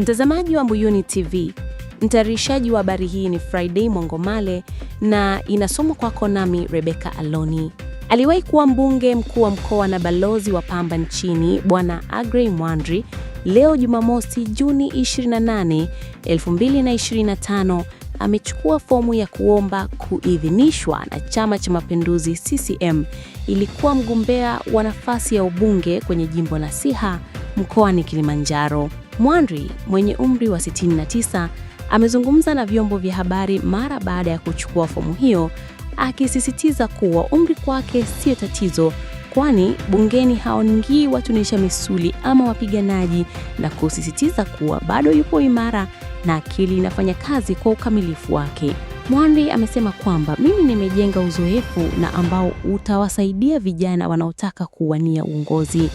Mtazamaji wa Mbuyuni TV, mtayarishaji wa habari hii ni Friday Mwangomale na inasomwa kwako nami Rebecca Aloni. Aliwahi kuwa mbunge mkuu wa mkoa na balozi wa Pamba nchini Bwana Agrey Mwandri leo Jumamosi Juni 28, 2025 amechukua fomu ya kuomba kuidhinishwa na Chama cha Mapinduzi CCM ili kuwa mgombea wa nafasi ya ubunge kwenye jimbo la Siha mkoani Kilimanjaro. Mwandri mwenye umri wa 69 amezungumza na vyombo vya habari mara baada ya kuchukua fomu hiyo, akisisitiza kuwa umri kwake sio tatizo, kwani bungeni hawaingii watunisha misuli ama wapiganaji, na kusisitiza kuwa bado yupo imara na akili inafanya kazi kwa ukamilifu wake. Mwandri amesema kwamba mimi nimejenga uzoefu na ambao utawasaidia vijana wanaotaka kuwania uongozi.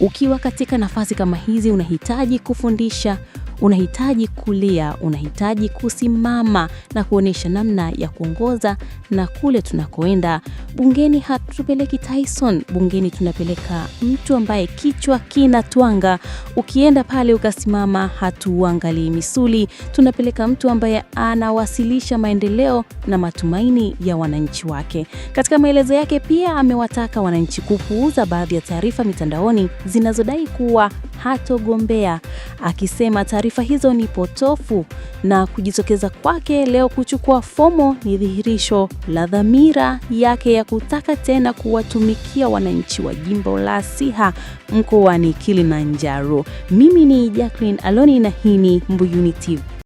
Ukiwa katika nafasi kama hizi, unahitaji kufundisha, Unahitaji kulia, unahitaji kusimama na kuonyesha namna ya kuongoza. Na kule tunakoenda bungeni, hatupeleki Tyson bungeni, tunapeleka mtu ambaye kichwa kinatwanga. Ukienda pale ukasimama, hatuangalii misuli, tunapeleka mtu ambaye anawasilisha maendeleo na matumaini ya wananchi wake. Katika maelezo yake pia amewataka wananchi kupuuza baadhi ya taarifa mitandaoni zinazodai kuwa hatogombea, akisema taarifa hizo ni potofu na kujitokeza kwake leo kuchukua fomo ni dhihirisho la dhamira yake ya kutaka tena kuwatumikia wananchi wa jimbo la Siha mkoani Kilimanjaro. Mimi ni Jacqueline Aloni na hii ni Mbuyuni TV.